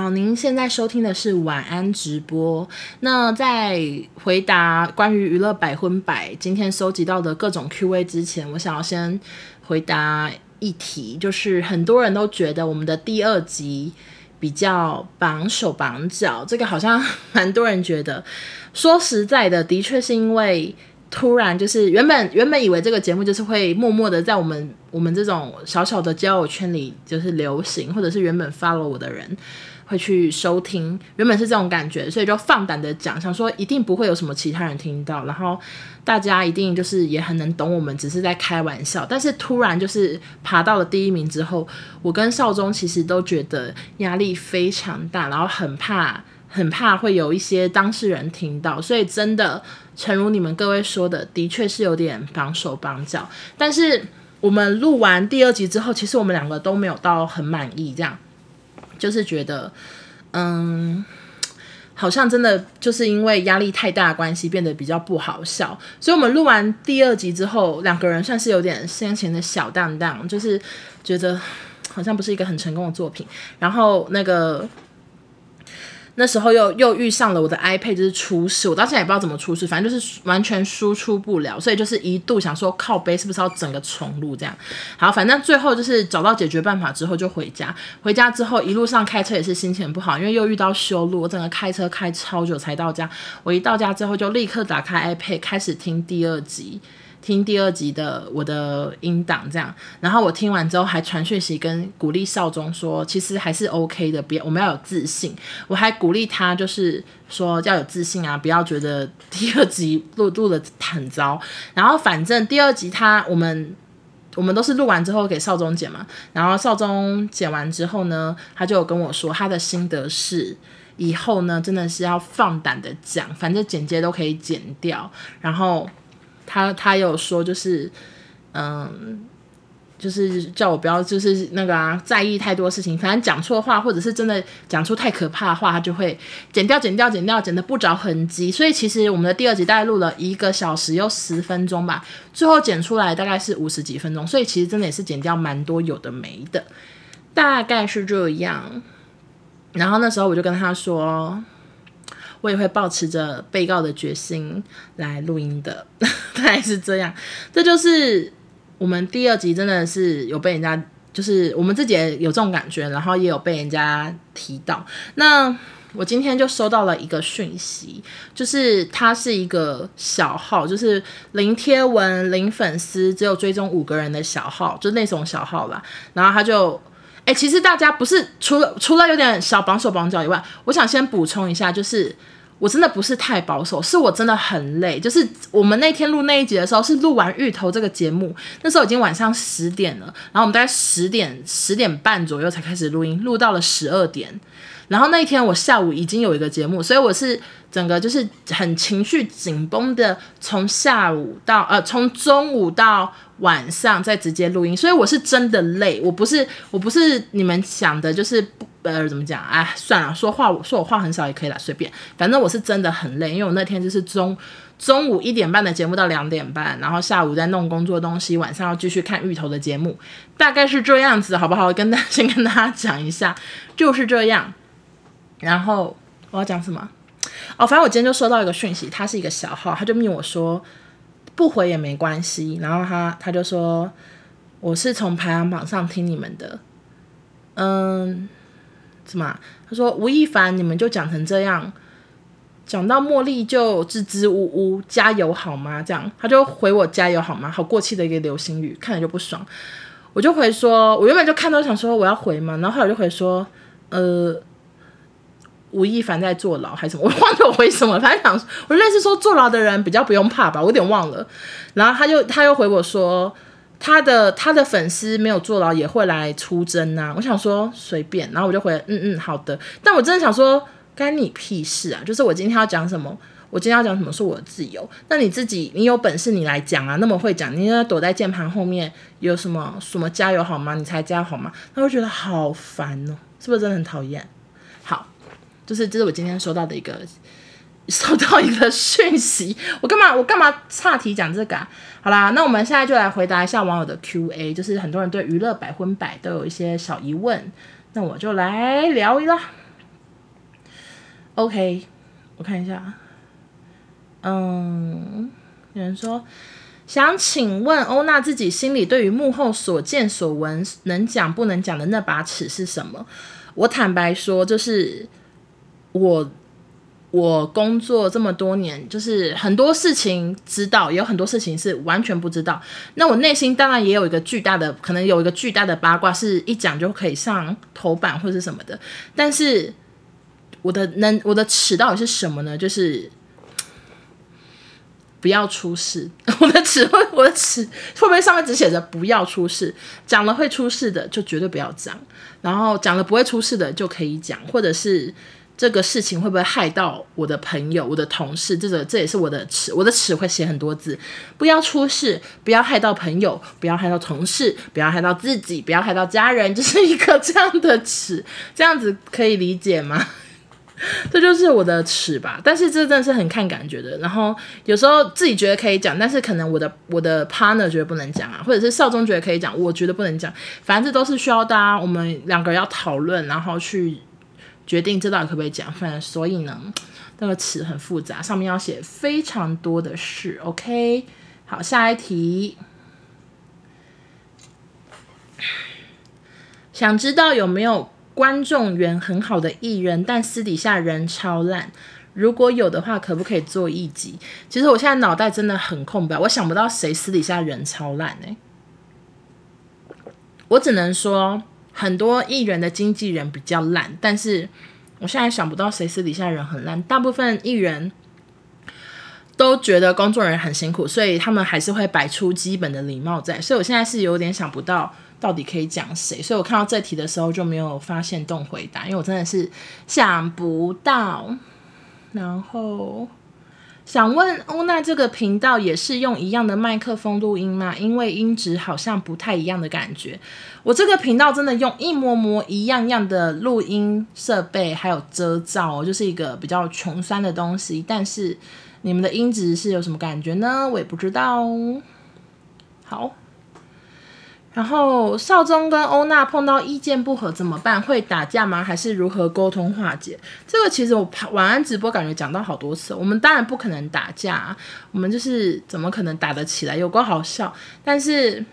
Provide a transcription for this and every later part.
好，您現在收聽的是晚安直播。那在回答關於愚樂百昏百今天收集到的各種 Q&A 之前，我想要先回答一題，就是很多人都覺得我們的第二集比較綁手、綁腳，這個好像蠻多人覺得。說實在的，的確是因為突然就是原本原本以為這個節目就是會默默的在我們我們這種小小的交友圈裡就是流行，或者是原本 follow 我的人。會去收聽，原本是這種感覺，所以就放膽的講，想說一定不會有什麼其他人聽到，然後大家一定就是也很能懂我們，只是在開玩笑。但是突然就是爬到了第一名之後，我跟少中其實都覺得壓力非常大，然後很怕很怕會有一些當事人聽到，所以真的，誠如你們各位說的，的確是有點綁手綁腳。但是我們錄完第二集之後，其實我們兩個都沒有到很滿意這樣。就是覺得，嗯，好像真的就是因為壓力太大關係，變得比較不好笑。所以我們錄完第二集之後，兩個人算是有點先前的小蕩蕩，就是覺得好像不是一個很成功的作品。然後那個。那時候又又遇上了我的 iPad 就是出事，我到現在也不知道怎麼出事，反正就是完全輸出不了，所以就是一度想說靠背是不是要整個重錄這樣。好，反正最後就是找到解決辦法之後就回家，回家之後一路上開車也是心情不好，因為又遇到修路，我整個開車開超久才到家。我一到家之後就立刻打開 iPad 開始聽第二集。聽第二集的我的音檔這樣，然後我聽完之後還傳訊息跟鼓勵少宗說，其實還是 OK 的，不要，我們要有自信。我還鼓勵他，就是說要有自信啊，不要覺得第二集錄錄的很糟。然後反正第二集他，我們我們都是錄完之後給少宗剪嘛，然後少宗剪完之後呢，他就有跟我說他的心得是，以後呢，真的是要放膽的講，反正剪接都可以剪掉，然後。他他有說，就是，嗯，就是叫我不要，就是那個啊，在意太多事情。反正講錯話，或者是真的講出太可怕的話，他就會剪掉，剪掉，剪掉，剪的不着痕跡。所以其實我們的第二集大概錄了一個小時又十分鐘吧，最後剪出來大概是五十幾分鐘。所以其實真的也是剪掉蠻多有的沒的，大概是這樣。然後那時候我就跟他說。我也會抱持着被告的決心來錄音的，大概是這樣。這就是我們第二集真的是有被人家，就是我們自己也有這種感覺，然後也有被人家提到。那我今天就收到了一個訊息，就是他是一個小號，就是零貼文、零粉絲、只有追蹤五個人的小號，就那種小號了。然後他就。哎、欸，其實大家不是除了除了有點小綁手綁腳以外，我想先補充一下，就是我真的不是太保守，是我真的很累。就是我們那天錄那一集的時候，是錄完芋頭這個節目，那時候已經晚上十點了，然後我們大概十點十點半左右才開始錄音，錄到了十二點。然後那一天我下午已經有一個節目，所以我是整個就是很情緒緊繃的，從下午到呃，從中午到。晚上再直接錄音，所以我是真的累，我不是我不是你們想的，就是不呃怎麼講啊？算了，說話我說我話很少也可以啦，隨便，反正我是真的很累，因為我那天就是中中午一點半的節目到兩點半，然後下午在弄工作東西，晚上要繼續看芋頭的節目，大概是這樣子，好不好？跟大家先跟大家講一下，就是這樣。然後我要講什麼？哦，反正我今天就收到一個訊息，他是一個小號，他就跟我說。不回也沒關係，然後他他就說我是從排行榜上聽你們的，嗯，什麼、啊？他說吳亦凡你們就講成這樣，講到茉莉就支支吾吾，加油好嗎？這樣他就回我加油好嗎？好過氣的一個流行語，看着就不爽，我就回說，我原本就看到就想說我要回嘛，然後後來我就回說，呃。吳亦凡在坐牢還是什麼？我忘了。我回什麼還想，我類似說坐牢的人比較不用怕吧，我有點忘了。然後他就他又回我說，他的他的粉絲沒有坐牢也會來出征吶、啊。我想說隨便，然後我就回嗯嗯好的。但我真的想說幹你屁事啊！就是我今天要講什麼，我今天要講什麼是我的自由。那你自己你有本事你來講啊，那麼會講，你又躲在鍵盤後面有什麼什麼加油好嗎？你才加油好嗎？那我會覺得好煩哦、喔，是不是真的很討厭？就是，這、就是我今天收到的一個，收到一個訊息。我幹嘛？我幹嘛岔題講這個、啊？好啦，那我們現在就來回答一下網友的 Q&A。就是很多人對娛樂百分百都有一些小疑問，那我就來聊一聊。OK，我看一下，嗯，有人說想請問歐娜自己心裡對於幕後所見所聞能講不能講的那把尺是什麼？我坦白說，就是。我我工作這麼多年，就是很多事情知道，也有很多事情是完全不知道。那我內心當然也有一個巨大的，可能有一個巨大的八卦，是一講就可以上頭版或是什麼的。但是我的能，我的尺到底是什麼呢？就是不要出事。我的尺會，我的尺會不會上面只寫着“不要出事”？講 了會出事的就絕對不要講，然後講了不會出事的就可以講，或者是。這個事情會不會害到我的朋友、我的同事？這個，這也是我的尺，我的尺會寫很多字，不要出事，不要害到朋友，不要害到同事，不要害到自己，不要害到家人，這、就是一個這樣的尺，這樣子可以理解嗎？ 這就是我的尺吧，但是這真的是很看感覺的。然後有時候自己覺得可以講，但是可能我的我的 partner 覺得不能講啊，或者是少中覺得可以講，我覺得不能講，反正這都是需要大家、啊、我們兩個人要討論，然後去。決定這道可不可以講，反正所以呢，那個詞很複雜，上面要寫非常多的事。OK，好，下一題。想知道有沒有觀眾緣很好的藝人，但私底下人超爛？如果有的話，可不可以做一集？其實我現在腦袋真的很空白，我想不到誰私底下人超爛呢、欸？我只能說。很多藝人的經紀人比較爛，但是我現在想不到誰私底下人很爛。大部分藝人都覺得工作人員很辛苦，所以他們還是會擺出基本的禮貌在。所以我現在是有點想不到到底可以講誰。所以我看到這題的時候就沒有發現動回答，因為我真的是想不到。然後。想問歐娜，這個頻道也是用一樣的麥克風錄音嗎？因為音質好像不太一樣的感覺。我這個頻道真的用一模模一樣樣的錄音設備，還有遮罩，就是一個比較窮酸的東西。但是你們的音質是有什麼感覺呢？我也不知道。好。然後少宗跟歐娜碰到意見不合怎麼辦？會打架嗎？還是如何溝通化解？這個其實我晚安直播感覺講到好多次。我們當然不可能打架、啊，我們就是怎麼可能打得起來？有夠好笑！但是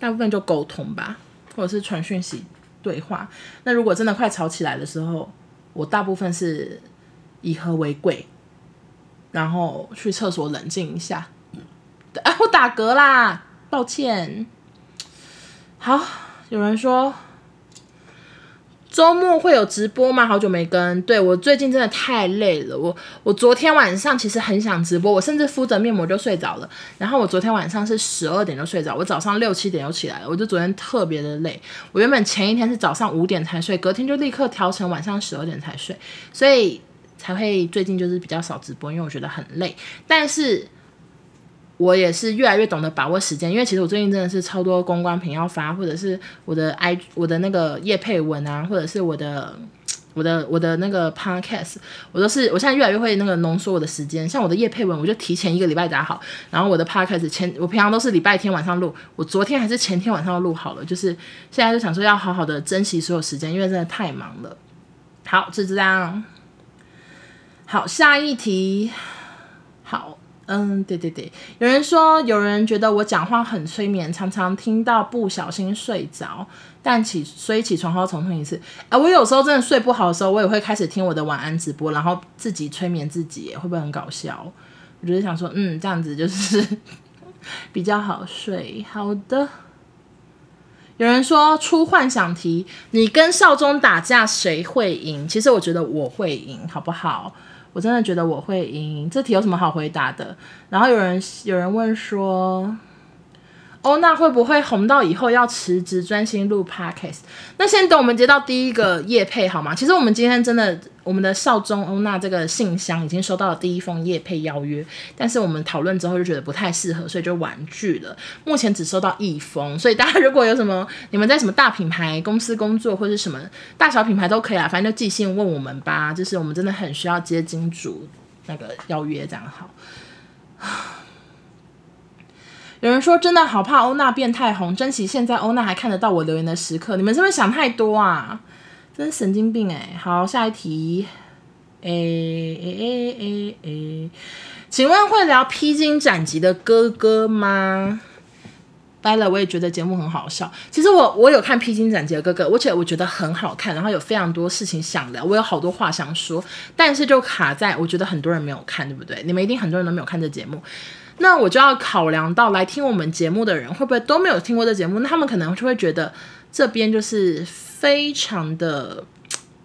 大部分就溝通吧，或者是傳訊息對話。那如果真的快吵起來的時候，我大部分是以和為貴，然後去廁所冷靜一下。嗯、哎，我打嗝啦，抱歉。好，有人說周末會有直播嗎？好久沒跟，對，我最近真的太累了。我我昨天晚上其實很想直播，我甚至敷着面膜就睡着了。然後我昨天晚上是十二點就睡着，我早上六七點就起來了。我就昨天特別的累。我原本前一天是早上五點才睡，隔天就立刻調成晚上十二點才睡，所以才會最近就是比較少直播，因為我覺得很累。但是。我也是越來越懂得把握時間，因為其實我最近真的是超多公關品要發，或者是我的 IG 我的那個業配文啊，或者是我的我的我的那個 podcast，我都是我現在越來越會那個濃縮我的時間。像我的業配文，我就提前一個禮拜打好，然後我的 podcast 前我平常都是禮拜天晚上錄，我昨天還是前天晚上錄好了，就是現在就想說要好好的珍惜所有時間，因為真的太忙了。好，就這樣。好，下一題，好。嗯，對對對，有人說，有人覺得我講話很催眠，常常聽到不小心睡着，但起，所以起床後重聽一次。啊、呃，我有時候真的睡不好的時候，我也會開始聽我的晚安直播，然後自己催眠自己，會不會很搞笑？我就是想說，嗯，這樣子就是呵呵比較好睡。好的，有人說出幻想題，你跟少宗打架誰會贏？其實我覺得我會贏，好不好？我真的覺得我會贏，這題有什麼好回答的？然後有人有人問說，歐娜會不會紅到以後要辭職專心錄 Podcast？那先等我們接到第一個業配好嗎？其實我們今天真的。我們的少中歐娜這個信箱，已經收到了第一封業配邀約，但是我們討論之後就覺得不太適合，所以就婉拒了。目前只收到一封，所以大家如果有什麼，你們在什麼大品牌公司工作，或者什麼大小品牌都可以啊，反正就寄信問我們吧。就是我們真的很需要接金主那個邀約，這樣好。有人說真的好怕歐娜變太紅，珍惜現在歐娜還看得到我留言的時刻，你們是不是想太多啊？真神經病哎、欸！好，下一題，誒誒誒誒誒，請問會聊《披荊斬棘的哥哥》嗎？掰了，我也覺得節目很好笑。其實我我有看《披荊斬棘的哥哥》，而且我覺得很好看，然後有非常多事情想聊，我有好多話想說，但是就卡在我覺得很多人沒有看，對不對？你們一定很多人都沒有看這節目，那我就要考量到來聽我們節目的人會不會都沒有聽過這節目？那他們可能就會覺得。這邊就是非常的，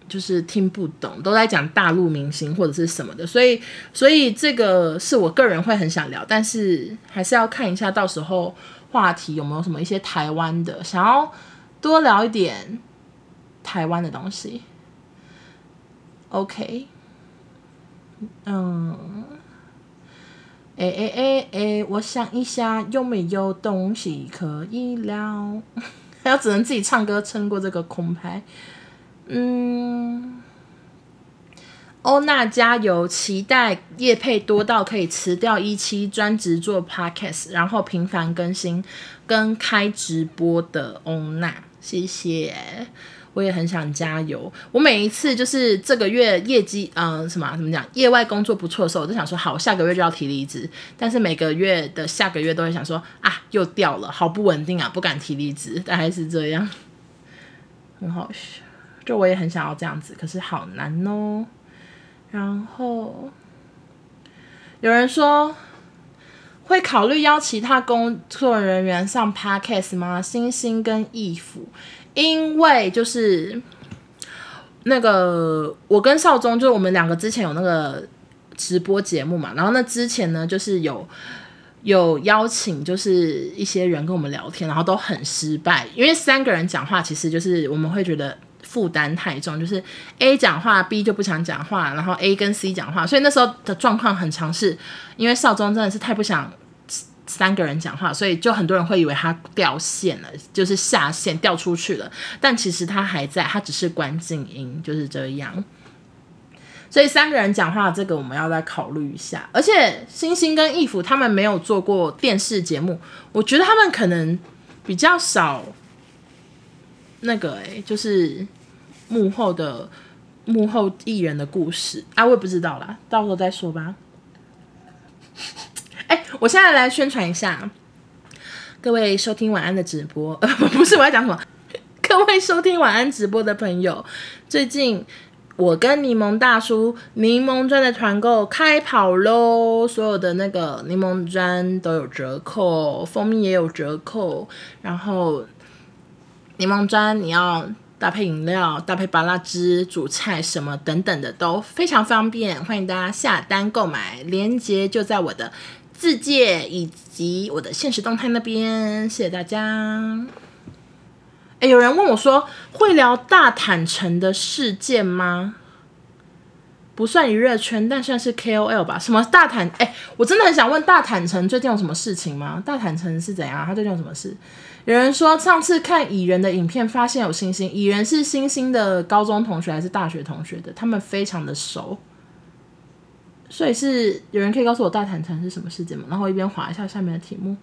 就是聽不懂，都在講大陸明星或者是什麼的，所以，所以這個是我個人會很想聊，但是還是要看一下到時候話題有沒有什麼一些台灣的，想要多聊一點台灣的東西。OK，嗯，哎哎哎哎，我想一下有沒有東西可以聊。他要只能自己唱歌撐過這個空拍，嗯，歐娜加油！期待業配多到可以辭掉一期，專職做 podcast，然後頻繁更新跟開直播的歐娜，謝謝。我也很想加油。我每一次就是這個月業績，嗯、呃，什麼、啊、怎麼講？業外工作不錯的時候，我都想說好，下個月就要提離職。但是每個月的下個月都會想說啊，又掉了，好不穩定啊，不敢提離職，大概是這樣，很好笑。就我也很想要這樣子，可是好難哦、喔。然後有人說。會考慮邀其他工作人員上 Podcast 嗎？星星跟義服。因為就是那個我跟少宗，就我們兩個之前有那個直播節目嘛。然後那之前呢，就是有有邀請，就是一些人跟我們聊天，然後都很失敗。因為三個人講話，其實就是我們會覺得負擔太重，就是 A 講話，B 就不想講話，然後 A 跟 C 講話，所以那時候的狀況很強勢。因為少宗真的是太不想。三個人講話，所以就很多人會以為他掉線了，就是下線掉出去了。但其實他還在，他只是關靜音，就是這樣。所以三個人講話，這個我們要再考慮一下。而且星星跟義父他們沒有做過電視節目，我覺得他們可能比較少那個哎、欸，就是幕後的幕後藝人的故事啊，我也不知道啦，到時候再說吧。我現在來宣傳一下，各位收聽晚安的直播，呃，不是我要講什麼，各位收聽晚安直播的朋友，最近我跟檸檬大叔檸檬磚的團購開跑嘍，所有的那個檸檬磚都有折扣，蜂蜜也有折扣，然後檸檬磚你要搭配飲料、搭配芭樂汁、煮菜什麼等等的都非常方便，歡迎大家下單購買，鏈接就在我的。世界以及我的現實動態那邊，謝謝大家。誒、欸，有人問我說：“會聊大坦誠的事件嗎？”不算娛樂圈，但算是 KOL 吧。什麼大坦？誒、欸，我真的很想問大坦誠最近有什麼事情嗎？大坦誠是怎樣？他最近有什麼事？有人說上次看蟻人的影片，發現有星星。蟻人是星星的高中同學還是大學同學的？他們非常的熟。所以是有人可以告訴我大坦誠是什麼事界世界嗎？然後一邊滑一下下面的題目。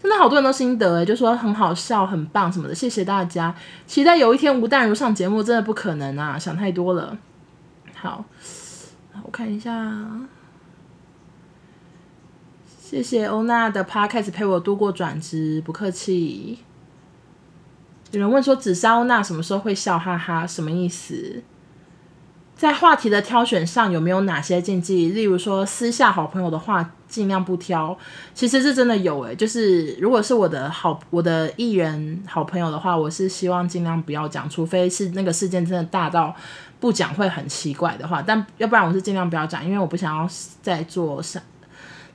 真的好多人都心得哎、欸，就說很好笑，很棒什麼的。謝謝大家。期待有一天吳淡如上節目，真的不可能啊！想太多了。好，我看一下。謝謝歐娜的 Podcast 陪我度過轉職，不客氣。有人問說紫砂歐娜什麼時候會笑哈哈？什麼意思？在話題的挑選上有沒有哪些禁忌？例如說私下好朋友的話，盡量不挑。其實是真的有誒、欸，就是如果是我的好我的藝人好朋友的話，我是希望盡量不要講，除非是那個事件真的大到不講會很奇怪的話，但要不然我是盡量不要講，因為我不想要再做什麼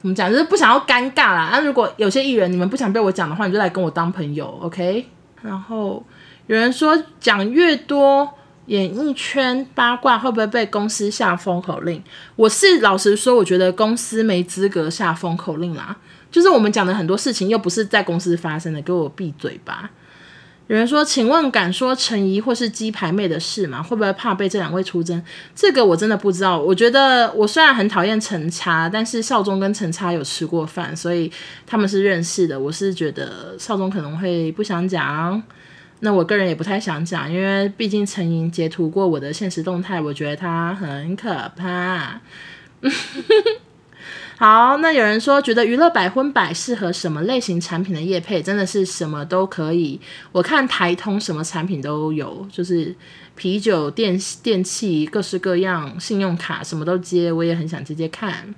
怎麼講，就是不想要尷尬啦。那如果有些藝人你們不想被我講的話，你就來跟我當朋友，OK？然後有人說講越多。演藝圈八卦會不會被公司下封口令？我是老實說，我覺得公司沒資格下封口令啦。就是我們講的很多事情，又不是在公司發生的，給我閉嘴吧！有人說：“請問敢說陳沂或是雞排妹的事嗎？會不會怕被這兩位出征？”這個我真的不知道。我覺得我雖然很討厭陳差，但是少宗跟陳差有吃過飯，所以他們是認識的。我是覺得少宗可能會不想講。那我個人也不太想講，因為畢竟陳瑩截圖過我的現實動態，我覺得他很可怕。 好，那有人說，覺得娛樂百分百適合什麼類型產品的業配，真的是什麼都可以。我看台通什麼產品都有，就是啤酒、電電器各式各樣，信用卡什麼都接，我也很想接接看。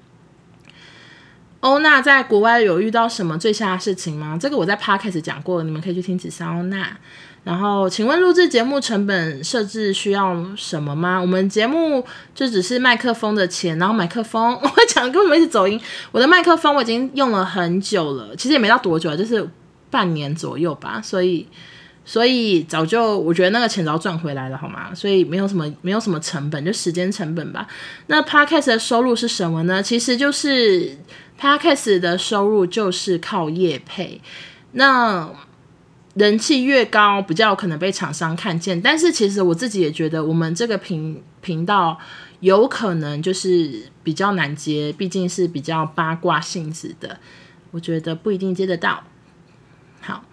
歐娜在國外有遇到什麼最嚇的事情嗎？這個我在 Podcast 講過了，你們可以去聽。只三娜。然後，請問錄製節目成本設置需要什麼嗎？我們節目就只是麥克風的錢，然後麥克風，我講跟我們一直走音？我的麥克風我已經用了很久了，其實也沒到多久了，就是半年左右吧。所以，所以早就我覺得那個錢早賺回來了，好嗎？所以沒有什麼，沒有什麼成本，就時間成本吧。那 Podcast 的收入是什麼呢？其實就是。Podcast 的收入就是靠業配，那人氣越高，比較有可能被廠商看見。但是其實我自己也覺得，我們這個頻頻道有可能就是比較難接，畢竟是比較八卦性質的，我覺得不一定接得到。好。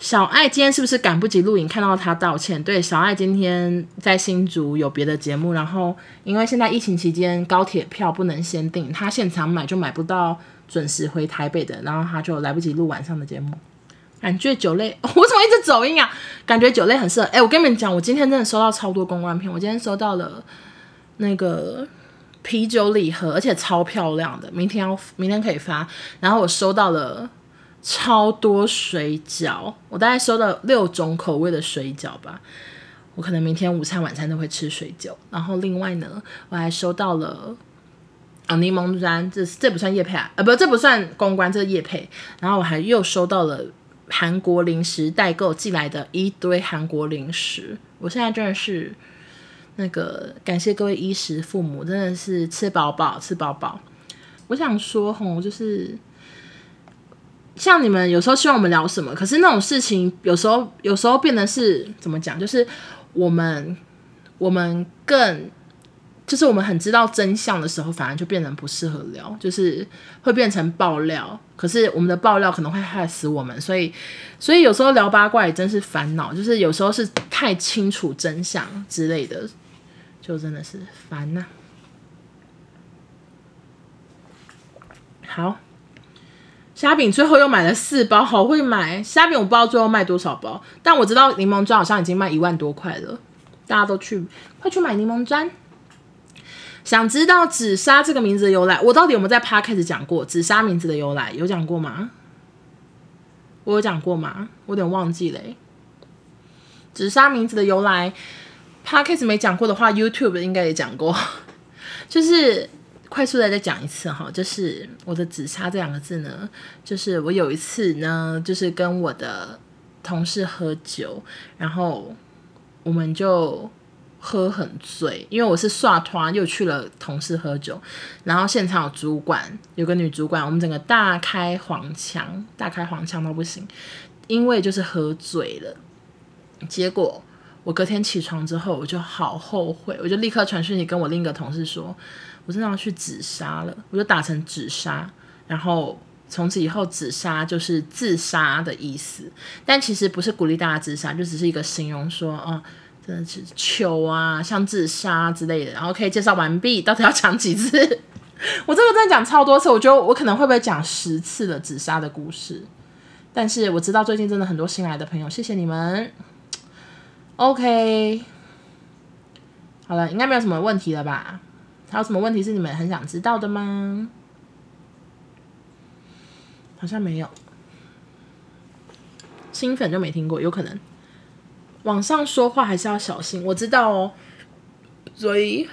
小愛今天是不是趕不及錄影？看到他道歉。對，小愛今天在新竹有別的節目，然後因為現在疫情期間高鐵票不能先訂，他現場買就買不到準時回台北的，然後他就來不及錄晚上的節目。感覺酒類，我怎麼一直走音啊？感覺酒類很適合。哎、欸，我跟你們講，我今天真的收到超多公關片，我今天收到了那個啤酒禮盒，而且超漂亮的，明天要明天可以發。然後我收到了。超多水餃，我大概收到六種口味的水餃吧。我可能明天午餐、晚餐都會吃水餃。然後另外呢，我還收到了啊，哦、檸檬磚，這這不算業配啊，啊、呃、不，這不算公關，這是、個、業配。然後我還又收到了韓國零食代購寄來的一堆韓國零食。我現在真的是那個感謝各位衣食父母，真的是吃飽飽，吃飽飽。我想說吼，就是。像你們有時候希望我們聊什麼，可是那種事情，有時候有時候變得是怎麼講？就是我們我們更就是我們很知道真相的時候，反而就變得不適合聊，就是會變成爆料。可是我們的爆料可能會害死我們，所以所以有時候聊八卦也真是煩惱。就是有時候是太清楚真相之類的，就真的是煩吶、啊。好。蝦餅最後又買了四包，好會買蝦餅。蝦餅我不知道最後賣多少包，但我知道檸檬磚好像已經賣一萬多塊了，大家都去快去買檸檬磚。想知道紫砂這個名字的由來，我到底有沒有在 Podcast 講過紫砂名字的由來？有講過嗎？我有講過嗎？我有點忘記了、欸。紫砂名字的由來，Podcast 沒講過的話，YouTube 應該也講過，就是。快速的再，再講一次哈，就是我的紫砂這兩個字呢，就是我有一次呢，就是跟我的同事喝酒，然後我們就喝很醉，因為我是刷團，又去了同事喝酒，然後現場有主管，有個女主管，我們整個大開黃腔，大開黃腔都不行，因為就是喝醉了，結果我隔天起床之後，我就好後悔，我就立刻傳訊息跟我另一個同事說。我真的要去紫砂了，我就打成紫砂，然後從此以後紫砂就是自殺的意思。但其實不是鼓勵大家自殺，就只是一個形容說，啊，真的是糗啊，像自殺之類的。然後可以介紹完畢，到底要講幾次？ 我這個真的講超多次，我覺得我可能會不會講十次的紫砂的故事。但是我知道最近真的很多新來的朋友，謝謝你們。OK，好了，應該沒有什麼問題了吧？還有什麼問題是你們很想知道的嗎？好像沒有，新粉就沒聽過，有可能。網上說話還是要小心，我知道哦，所以。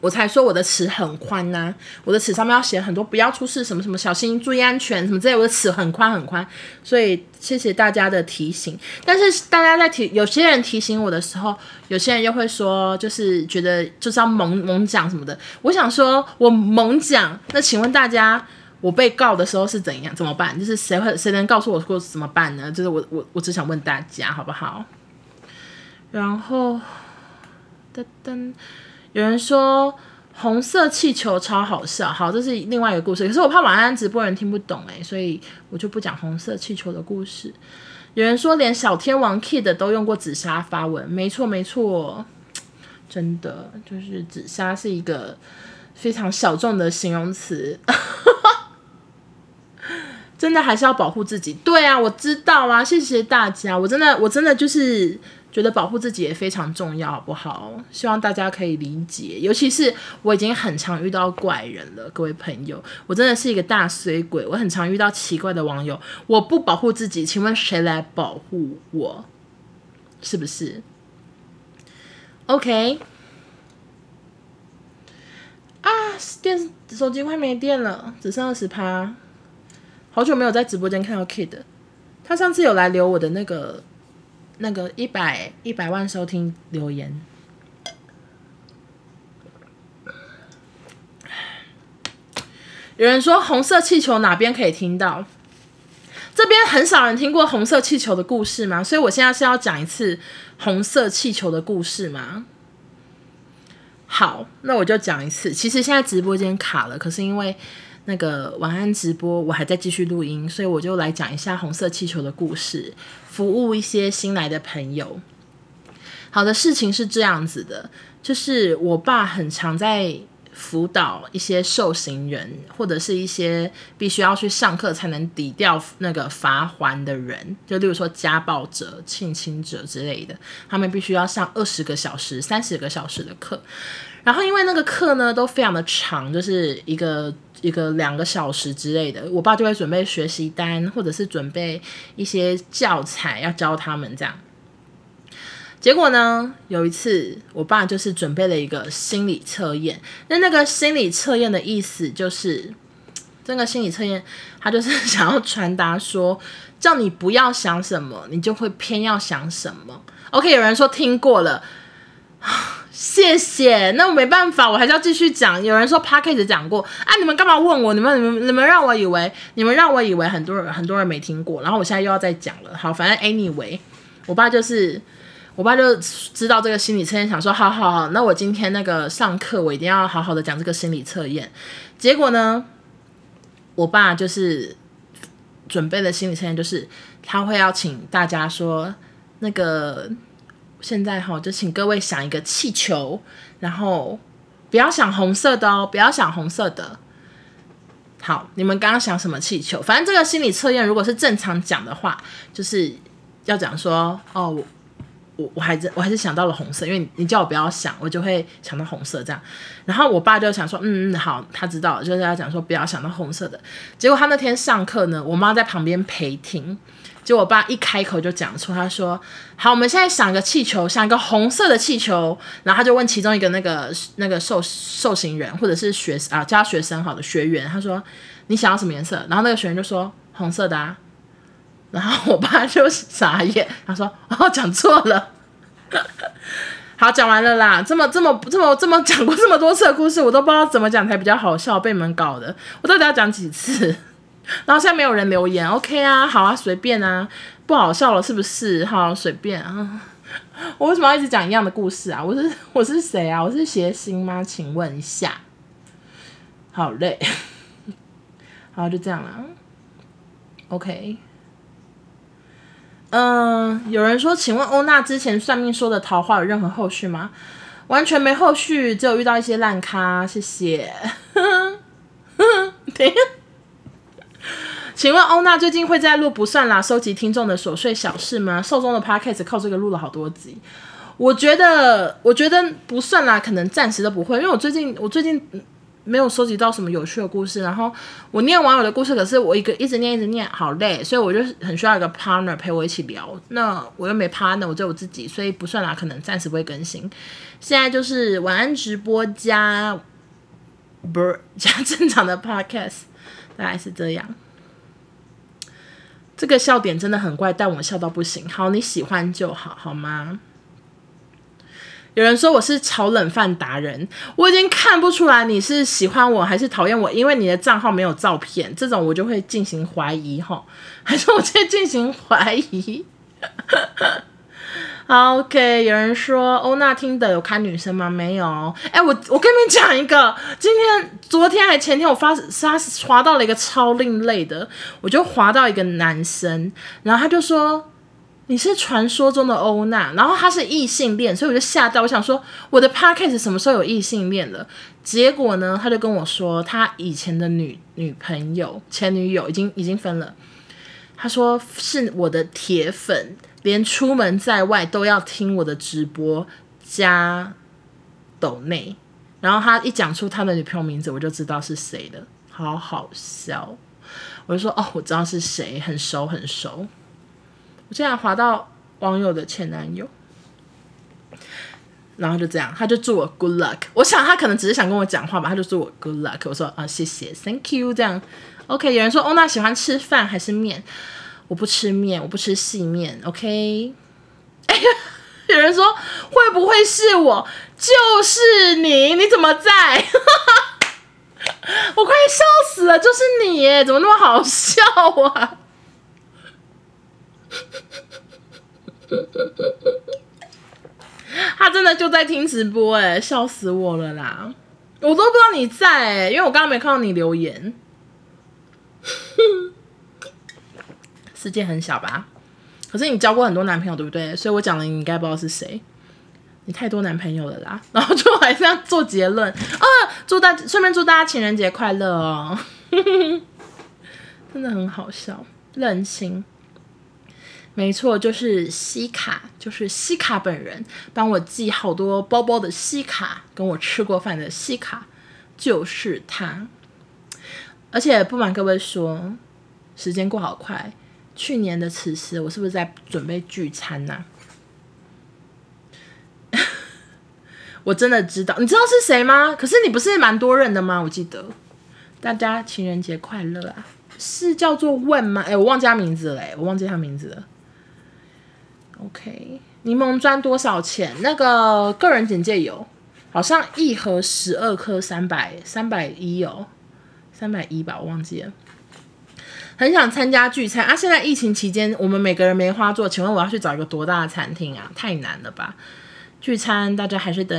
我才說我的尺很寬吶、啊，我的尺上面要寫很多，不要出事什麼什麼，小心注意安全什麼之類，我的尺很寬很寬，所以謝謝大家的提醒。但是大家在提有些人提醒我的時候，有些人又會說，就是覺得就是要猛猛講什麼的。我想說，我猛講，那請問大家，我被告的時候是怎樣？怎麼辦？就是誰會誰能告訴我過怎麼辦呢？就是我我我只想問大家好不好？然後噔噔。登登有人說紅色氣球，超好笑，好，這是另外一個故事。可是我怕晚安直播人聽不懂、欸，誒，所以我就不講紅色氣球的故事。有人說連小天王 Kid 都用過紫砂發文，沒錯沒錯，真的就是紫砂是一個非常小眾的形容詞。 真的還是要保護自己。對啊，我知道啊，謝謝大家，我真的我真的就是。覺得保護自己也非常重要，好不好？希望大家可以理解，尤其是我已經很常遇到怪人了。各位朋友，我真的是一個大水鬼，我很常遇到奇怪的網友，我不保護自己，請問誰來保護我？是不是？OK，啊，電，手機快沒電了，只剩二十趴。好久沒有在直播間看到 Kid，他上次有來留我的那個。那個一百一百萬收聽留言，有人說紅色氣球哪邊可以聽到？這邊很少人聽過紅色氣球的故事嗎？所以我現在是要講一次紅色氣球的故事嗎？好，那我就講一次。其實現在直播間卡了，可是因為，那個晚安直播，我還在繼續錄音，所以我就來講一下紅色氣球的故事，服務一些新來的朋友。好的，事情是這樣子的，就是我爸很常在輔導一些受刑人，或者是一些必須要去上課才能抵掉那個罰鍰的人，就例如說家暴者、性侵者之類的，他們必須要上二十個小時、三十個小時的課，然後因為那個課呢都非常的長，就是一個。一個兩個小時之類的，我爸就會準備學習單，或者是準備一些教材要教他們這樣。結果呢，有一次我爸就是準備了一個心理測驗，那那個心理測驗的意思就是，這個心理測驗他就是想要傳達說，叫你不要想什麼，你就會偏要想什麼。OK，有人說聽過了。謝謝，那我沒辦法，我還是要繼續講。有人說 Podcast 講過，啊，你們幹嘛問我？你們、你們、你們讓我以為，你們讓我以為很多人、很多人沒聽過。然後我現在又要再講了。好，反正 Anyway，我爸就是，我爸就知道這個心理測驗，想說，好好好，那我今天那個上課，我一定要好好的講這個心理測驗。結果呢，我爸就是準備的心理測驗，就是他會要請大家說那個。現在哈、哦，就請各位想一個氣球，然後不要想紅色的哦，不要想紅色的。好，你們剛剛想什麼氣球？反正這個心理測驗，如果是正常講的話，就是要講說，哦，我我，我還我還是想到了紅色，因為你，你叫我不要想，我就會想到紅色這樣。然後我爸就想說，嗯嗯好，他知道了，就是要講說不要想到紅色的。結果他那天上課呢，我媽在旁邊陪聽。結果我爸一開口就講錯，他說：“好，我們現在想個氣球，想一個紅色的氣球。”然後他就問其中一個那個那個受受刑人或者是學啊教學生好的學員，他說：“你想要什麼顏色？”然後那個學員就說：“紅色的、啊。”然後我爸就傻眼，他說：“哦，講錯了。 ”好，講完了啦，這麼這麼這麼這麼講過這麼多次的故事，我都不知道怎麼講才比較好笑，被你們搞的，我到底要講幾次？然後現在沒有人留言，OK 啊，好啊，隨便啊，不好笑了是不是？好啊，隨便啊。我為什麼要一直講一樣的故事啊？我是我是誰啊？我是諧星嗎？請問一下，好嘞，好，就這樣了，OK。嗯、呃，有人說，請問歐娜之前算命說的桃花有任何後續嗎？完全沒後續，只有遇到一些爛咖。謝謝。呵呵呵呵請問歐娜、哦、最近會在錄不算啦，收集聽眾的瑣碎小事嗎？壽中的 podcast 靠這個錄了好多集，我覺得我覺得不算啦，可能暫時都不會，因為我最近我最近沒有收集到什麼有趣的故事，然後我念網友的故事，可是我一個一直念一直念好累，所以我就很需要一個 partner 陪我一起聊，那我又沒 partner，我就我自己，所以不算啦，可能暫時不會更新。現在就是晚安直播加不加正常的 podcast。大概是這樣，這個笑點真的很怪，但我們笑到不行。好，你喜歡就好，好嗎？有人說我是炒冷飯達人，我已經看不出來你是喜歡我還是討厭我，因為你的賬號沒有照片，這種我就會進行懷疑哈，還是我在進行懷疑。 O.K 有人說歐娜聽的有看女生嗎？沒有。哎、欸，我我跟你們講一個，今天、昨天還前天，我發刷刷到了一個超另類的，我就滑到一個男生，然後他就說你是傳說中的歐娜，然後他是異性戀，所以我就嚇到，我想說我的 podcast 什麼時候有異性戀了？結果呢，他就跟我說他以前的女女朋友、前女友已經已經分了，他說是我的鐵粉。連出門在外都要聽我的直播加抖內，然後他一講出他的女朋友名字，我就知道是誰了，好好笑。我就說哦，我知道是誰，很熟很熟。我現在滑到網友的前男友，然後就這樣，他就祝我 good luck。我想他可能只是想跟我講話吧，他就祝我 good luck。我說啊，謝謝，thank you。這樣，OK。有人說歐娜喜歡吃飯還是麵？我不吃麵，我不吃細麵，OK。哎呀，有人說會不會是我？就是你，你怎麼在？ 我快笑死了，就是你，怎麼那麼好笑啊？他真的就在聽直播欸，哎，笑死我了啦！我都不知道你在欸，因為我剛剛沒看到你留言。 世界很小吧，可是你交過很多男朋友，對不對？所以我講的你應該不知道是誰，你太多男朋友了啦，然後最後還是要做結論。啊、哦，祝大順便祝大家情人節快樂哦， 真的很好笑，任性。沒錯，就是西卡，就是西卡本人，幫我寄好多包包的西卡，跟我吃過飯的西卡，就是他。而且不瞞各位說，時間過好快。去年的此時，我是不是在準備聚餐呢、啊？ 我真的知道，你知道是誰嗎？可是你不是蠻多人的嗎？我記得，大家情人節快樂啊！是叫做問嗎？哎、欸，我忘記他名字了、欸、我忘記他名字了。OK，檸檬磚多少錢？那個個人簡介有，好像一盒十二顆，三百三百一哦，三百一吧，我忘記了。很想參加聚餐啊！現在疫情期間，我們每個人沒花作，請問我要去找一個多大的餐廳啊？太難了吧！聚餐大家還是等……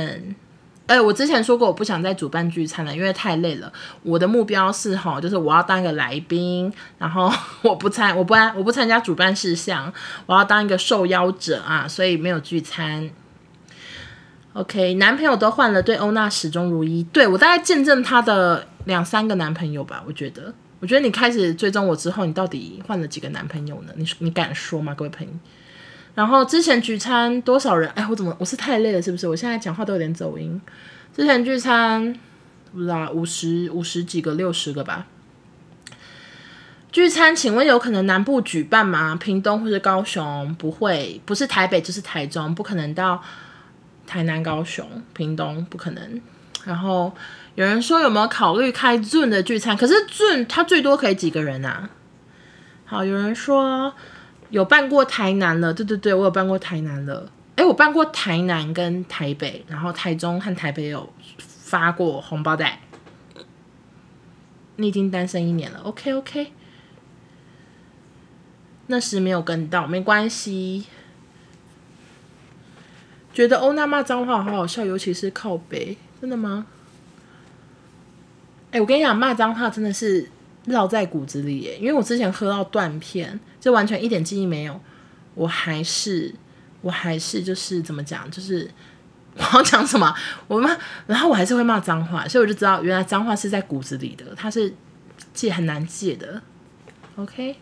哎、欸，我之前說過，我不想再主辦聚餐了，因為太累了。我的目標是哈，就是我要當一個來賓，然後我不參，我不按、我不參加主辦事項，我要當一個受邀者啊！所以沒有聚餐。OK，男朋友都換了對，對歐娜始終如一，對，我大概見證她的兩三個男朋友吧，我覺得。我覺得你開始追蹤我之後，你到底換了幾個男朋友呢？你你敢說嗎，各位朋友？然後之前聚餐多少人？哎，我怎麼我是太累了，是不是？我現在講話都有點走音。之前聚餐不知道五十五十幾個、六十個吧。聚餐，請問有可能南部舉辦嗎？屏東或者高雄不會，不是台北就是台中，不可能到台南、高雄、屏東，不可能。然後有人說，有沒有考慮開 Zoom 的聚餐？可是 Zoom 他它最多可以幾個人啊？好，有人說有辦過台南了，對對對，我有辦過台南了。誒，我辦過台南跟台北，然後台中和台北有發過紅包袋。你已經單身一年了，OK OK。那時沒有跟到，沒關係。覺得歐娜罵髒話好好笑，尤其是靠北。真的嗎？哎、欸，我跟你講，罵髒話真的是繞在骨子裡耶。因為我之前喝到斷片，就完全一點記憶沒有。我還是，我還是就是怎麼講？就是我要講什麼？我罵，然後我還是會罵髒話，所以我就知道，原來髒話是在骨子裡的，它是戒很難戒的。OK，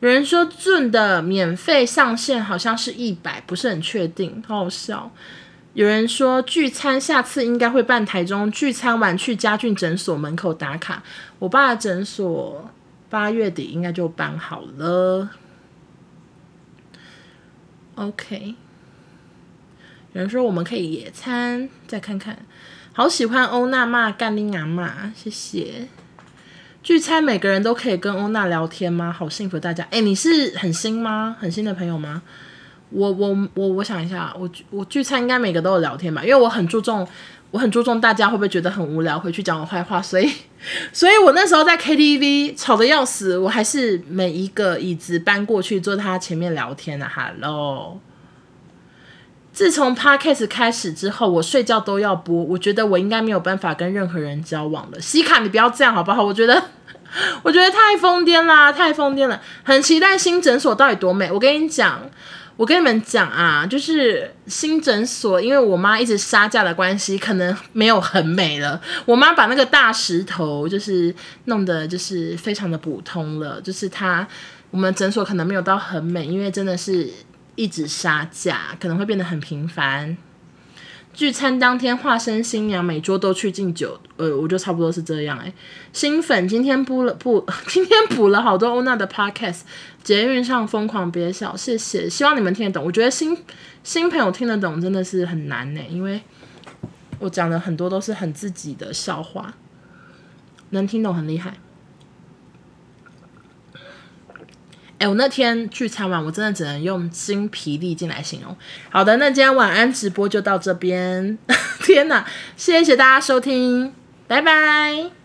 有人說 Zoom 的免費上限好像是一百，不是很確定，好好笑。有人說聚餐下次應該會辦台中，聚餐完去嘉俊診所門口打卡。我爸的診所八月底應該就搬好了。OK，有人說我們可以野餐，再看看。好喜歡歐娜嘛，甘霖娜、啊、媽，謝謝。聚餐每個人都可以跟歐娜聊天嗎？好幸福大家。哎，你是很新嗎？很新的朋友嗎？我我我我想一下，我我聚餐應該每個都有聊天吧，因為我很注重，我很注重大家會不會覺得很無聊，回去講我壞話，所以，所以我那時候在 KTV 吵得要死，我還是每一個椅子搬過去坐他前面聊天的啊。哈嘍，自從 Podcast 開始之後，我睡覺都要播，我覺得我應該沒有辦法跟任何人交往了。西卡，你不要這樣好不好？我覺得，我覺得太瘋癲啦，太瘋癲了，很期待新診所到底多美。我跟你講。我跟你們講啊，就是新診所，因為我媽一直殺價的關係，可能沒有很美了。我媽把那個大石頭，就是弄得就是非常的普通了。就是她，我們診所可能沒有到很美，因為真的是一直殺價，可能會變得很平凡。聚餐當天化身新娘，每桌都去敬酒。呃，我就差不多是這樣、欸。誒，新粉今天補了不，今天補了,了好多歐娜的 Podcast，捷運上瘋狂憋笑，謝謝。希望你們聽得懂。我覺得新新朋友聽得懂真的是很難呢、欸，因為我講的很多都是很自己的笑話，能聽懂很厲害。哎，我那天聚餐完，我真的只能用精疲力盡來形容。好的，那今天晚安直播就到這邊。 天哪，謝謝大家收聽，拜拜。